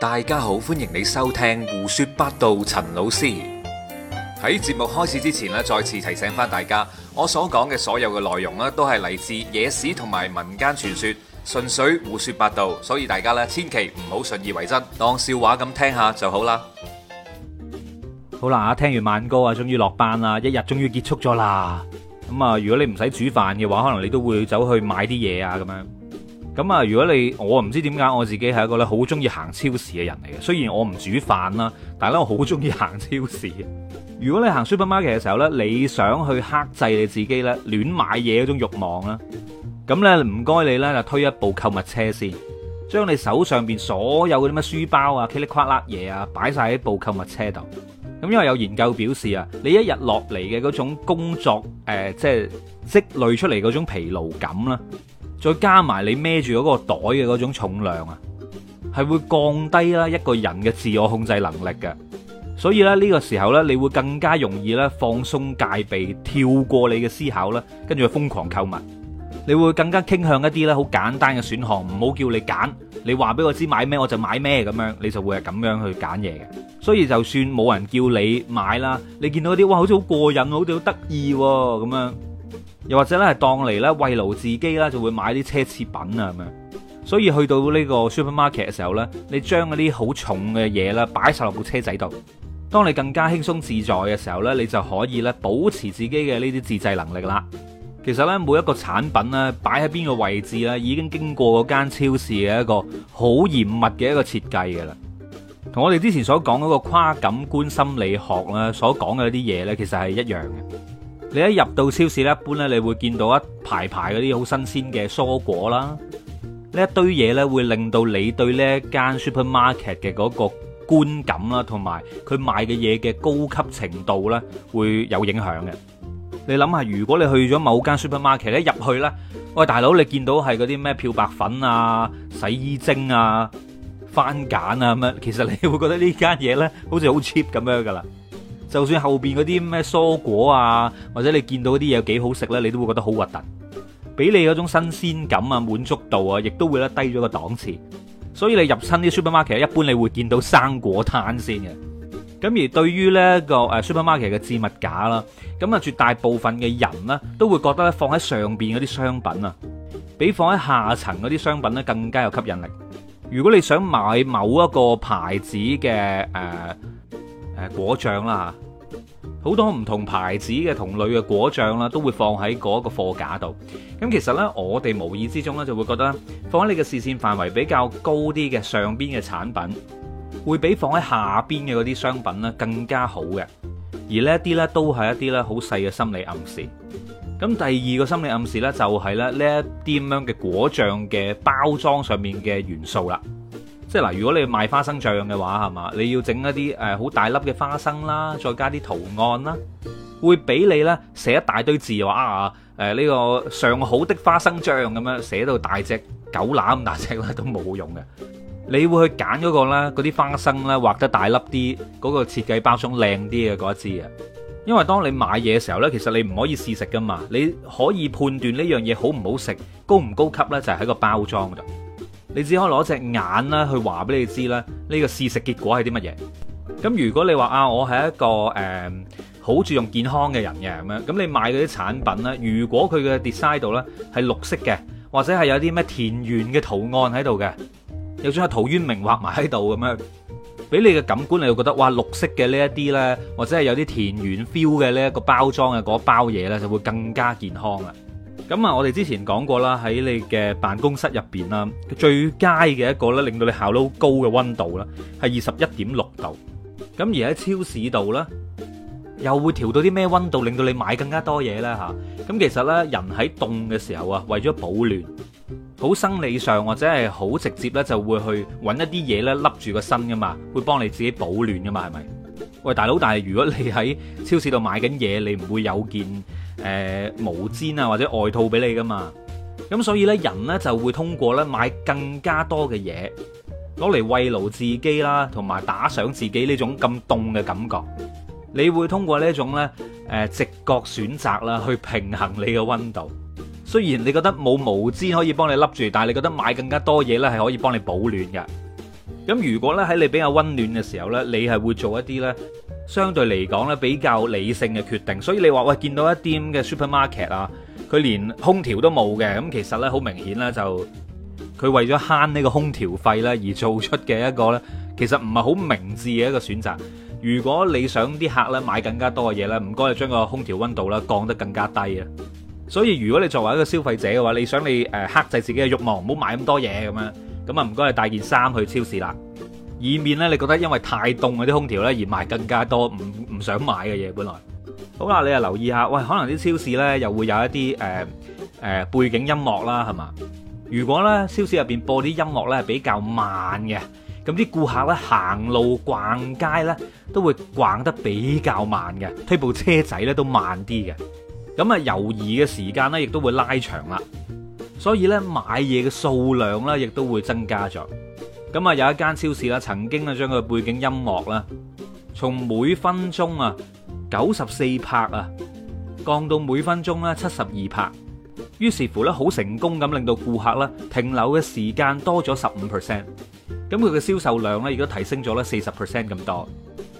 大家好，歡迎你收聽胡說八道。陳老師喺節目開始之前呢，再次提醒翻大家，我所講嘅所有嘅內容呢都係嚟自野史同埋民間傳說，純粹胡說八道，所以大家呢千祈唔好信以為真，當笑話咁聽下就好啦。好啦，聽完晚歌啊，終於落班啦，一日終於結束咗啦。咁啊，如果你唔使煮飯嘅話，可能你都會走去買啲嘢啊，咁樣。咁啊，如果你我唔知點解我自己係一個咧，好中意行超市嘅人嚟嘅，雖然我唔煮飯啦，但係咧我好中意行超市。如果你行 Supermarket 嘅時候呢，你想去克制你自己呢亂買嘢嗰種欲望啦，咁呢唔該你呢就推一部購物車先，將你手上邊所有嗰啲咩書包啊、噼里啪啦嘢啊擺晒喺部購物車度。咁因為有研究表示啊，你一日落嚟嘅嗰種工作誒、呃，即係積累出嚟嗰種疲勞感啦。再加埋你孭住嗰個袋嘅嗰種重量啊，係會降低啦一個人嘅自我控制能力嘅，所以咧呢個時候咧，你會更加容易咧放鬆戒備，跳過你嘅思考啦，跟住去瘋狂購物，你會更加傾向一啲咧好簡單嘅選項，唔好叫你揀，你話俾我知買咩我就買咩咁樣，你就會係咁樣去揀嘢嘅。所以就算冇人叫你買啦，你見到啲哇好似好過癮，好似好得意咁樣。又或者咧，係當嚟咧慰勞自己啦，就會買啲奢侈品啊咁樣。所以去到呢個 supermarket 嘅時候咧，你將嗰啲好重嘅嘢咧擺晒落部車仔度。當你更加輕鬆自在嘅時候咧，你就可以咧保持自己嘅呢啲自制能力啦。其實咧，每一個產品咧擺喺邊個位置咧，已經經過嗰間超市嘅一個好嚴密嘅一個設計嘅啦。同我哋之前所講嗰個跨感官心理學啦，所講嘅啲嘢咧，其實係一樣嘅。你一入到超市咧，一般咧，你會見到一排排嗰啲好新鮮嘅蔬果啦。呢一堆嘢咧，會令到你對呢一間 supermarket 嘅嗰個觀感啦，同埋佢賣嘅嘢嘅高級程度咧，會有影響嘅。你諗下，如果你去咗某間 supermarket 咧入去咧，喂，大佬，你見到係嗰啲咩漂白粉啊、洗衣精啊、番鹼啊咁樣，其實你會覺得呢間嘢咧，好似好 cheap 咁樣噶啦。就算後邊嗰啲咩蔬果啊，或者你見到嗰啲嘢幾好食咧，你都會覺得好核突，俾你嗰種新鮮感啊、滿足度啊，亦都會咧低咗個檔次。所以你入親啲 supermarket，一般你會見到生果攤先嘅。咁而對於呢個誒 supermarket 嘅置物架啦，咁啊絕大部分嘅人呢，都會覺得咧放喺上邊嗰啲商品啊，比放喺下層嗰啲商品咧更加有吸引力。如果你想買某一個牌子嘅誒，呃誒果醬啦，好多唔同牌子嘅同類嘅果醬啦，都會放喺嗰一個貨架度。咁其實呢，我哋無意之中就會覺得，放喺你嘅視線範圍比較高啲嘅上邊嘅產品，會比放喺下邊嘅嗰啲商品咧更加好嘅。而呢一啲咧，都係一啲咧好細嘅心理暗示。咁第二個心理暗示呢，就係咧呢一啲咁樣嘅果醬嘅包裝上面嘅元素啦。即係嗱，如果你賣花生醬嘅話，係嘛？你要整一啲誒好大粒嘅花生啦，再加啲圖案啦，會俾你咧寫一大堆字話啊誒呢、呃呢個上好的花生醬咁樣寫到大隻狗乸咁大隻咧都冇用嘅。你會去揀嗰、嗰個咧嗰啲花生呢，畫得大粒啲，嗰、嗰個設計包裝靚啲嘅嗰一支啊。因為當你買嘢嘅時候呢，其實你唔可以試食噶嘛，你可以判斷呢樣嘢好唔好食、高唔高級呢，就係、是、喺個包裝度。你只可以攞隻眼咧去話俾你知咧呢個試食結果係啲乜嘢？咁如果你話啊，我係一個誒、嗯、好注重健康嘅人嘅咁樣，咁你買嗰啲產品咧，如果佢嘅 design 度咧係綠色嘅，或者係有啲咩田園嘅圖案喺度嘅，有張陶淵明畫埋喺度咁樣，俾你嘅感官你就覺得哇，綠色嘅呢一啲咧，或者係有啲田園 feel 嘅呢一個包裝嘅嗰包嘢咧，就會更加健康啊！咁啊，我哋之前講過啦，喺你嘅辦公室入面啦，最佳嘅一個咧，令到你效率高嘅温度啦，係二十一點六度。咁而喺超市度啦，又會調到啲咩温度，令到你買更加多嘢呢？吓，咁其實呢，人喺凍嘅時候啊，為咗保暖，好生理上或者係好直接呢，就會去揾一啲嘢呢，笠住個身噶嘛，會幫你自己保暖噶嘛，係咪？喂，大佬，但係如果你喺超市度買緊嘢，你唔會有件。誒、呃，毛氈啊，或者外套俾你噶嘛，咁所以呢，人呢就會通過呢買更加多嘅嘢，攞嚟慰勞自己啦、啊，同埋打賞自己呢種咁凍嘅感覺。你會通過呢種呢誒、呃、直覺選擇啦，去平衡你嘅溫度。雖然你覺得冇毛氈可以幫你笠住，但係你覺得買更加多嘢呢係可以幫你保暖嘅。咁如果呢，喺你比較溫暖嘅時候呢，你係會做一啲呢。相對嚟講呢，比較理性嘅決定，所以你話喂，見到一啲咁嘅 supermarket 啊，佢連空調都冇嘅，咁其實呢，好明顯呢就佢為咗慳呢個空調費呢而做出嘅一個呢，其實唔係好明智嘅一個選擇。如果你想啲客呢買更加多嘅嘢呢，唔該你將個空調温度呢降得更加低啊！所以如果你作為一個消費者嘅話，你想你誒、呃、克制自己嘅慾望，唔好買咁多嘢咁樣，咁啊唔該你帶件衫去超市啦。以免咧，你覺得因為太凍嗰啲空調咧，而買更加多唔唔想買嘅嘢，本來。好啦，你又留意下，喂，可能啲超市咧又會有一啲誒誒背景音樂啦，係嘛？如果咧超市入邊播啲音樂咧係比較慢嘅，咁啲顧客咧行路逛街咧都會逛得比較慢嘅，推部車仔咧都慢啲嘅，咁啊猶豫嘅時間咧亦都會拉長啦，所以咧買嘢嘅數量咧亦都會增加咗。咁啊，有一間超市啦，曾經咧將佢嘅背景音樂啦，從每分鐘啊九十四拍啊，降到每分鐘咧七十二拍。於是乎咧，好成功咁令到顧客咧停留嘅時間多咗十五 percent。咁佢嘅銷售量咧亦都提升咗咧四十 percent 咁多。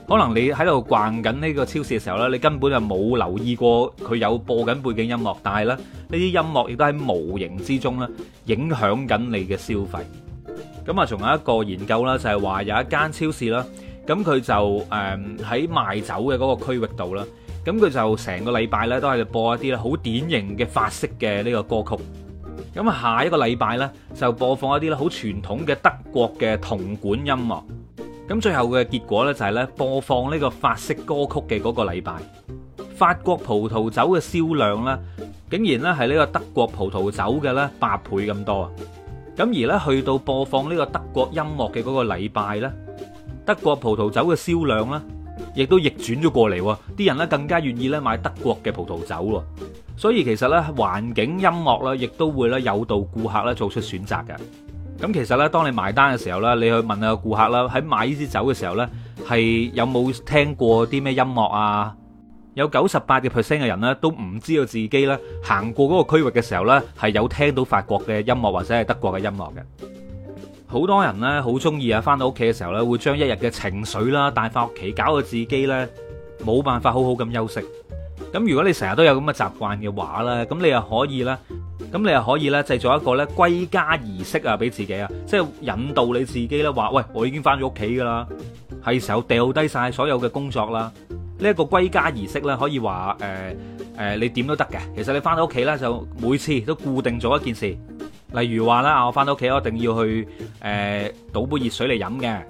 可能你喺度逛緊呢個超市嘅時候咧，你根本就冇留意過佢有播緊背景音樂，但係咧呢啲音樂亦都喺無形之中咧影響緊你嘅消費。咁啊，仲有一個研究啦，就係話有一間超市啦，咁佢就誒喺賣酒嘅嗰個區域度啦，咁佢就成個禮拜咧都喺度播一啲咧好典型嘅法式嘅呢個歌曲。咁啊，下一個禮拜咧就播放一啲咧好傳統嘅德國嘅銅管音樂。咁最後嘅結果咧就係咧播放呢個法式歌曲嘅嗰個禮拜，法國葡萄酒嘅銷量咧竟然咧係呢個德國葡萄酒嘅咧八倍咁多。咁而呢，去到播放呢個德國音樂嘅嗰個禮拜呢，德國葡萄酒嘅銷量呢，亦都逆轉咗過嚟喎，啲人呢，更加願意呢買德國嘅葡萄酒喎，所以其實呢，環境音樂呢，亦都會呢，誘導顧客呢做出選擇嘅。咁其實呢，當你埋單嘅時候呢，你去問下顧客啦，喺買呢支酒嘅時候呢，係有冇聽過啲咩音樂啊？有九十八嘅 percent 嘅人咧，都唔知道自己咧行過嗰個區域嘅時候咧，係有聽到法國嘅音樂或者係德國嘅音樂嘅。好多人咧好中意啊，翻到屋企嘅時候咧，會將一日嘅情緒啦帶翻屋企，搞到自己咧冇辦法好好咁休息。咁如果你成日都有咁嘅習慣嘅話咧，咁你又可以咧，咁你又可以咧，製作一個咧歸家儀式啊，俾自己啊，即係引導你自己咧，話喂，我已經翻咗屋企噶啦，係時候掉低晒所有嘅工作啦。呢一個歸家儀式咧，可以話誒誒，你點都得嘅。其實你翻到屋企咧，就每次都固定咗一件事，例如話啦，我翻到屋企我一定要去誒倒杯熱水嚟飲嘅，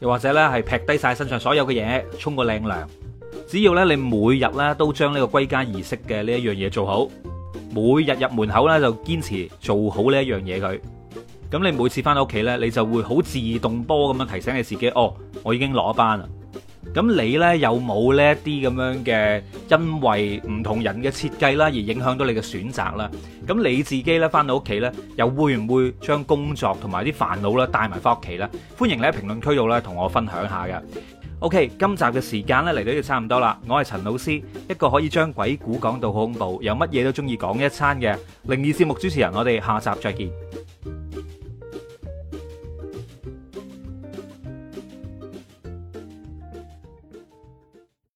又或者咧係劈低曬身上所有嘅嘢，沖個靚涼。只要咧你每日咧都將呢個歸家儀式嘅呢一樣嘢做好，每日入門口咧就堅持做好呢一樣嘢佢。咁你每次翻到屋企咧，你就會好自動波咁樣提醒你自己，哦，我已經落咗班啦。咁你咧有冇呢一啲咁樣嘅，因為唔同人嘅設計啦，而影響到你嘅選擇啦？咁你自己咧翻到屋企咧，又會唔會將工作同埋啲煩惱咧帶埋翻屋企咧？歡迎你喺評論區度咧同我分享下嘅。OK，今集嘅時間咧嚟到就差唔多啦。我係陳老師，一個可以將鬼故講到好恐怖，又乜嘢都中意講一餐嘅靈異節目主持人。我哋下集再見。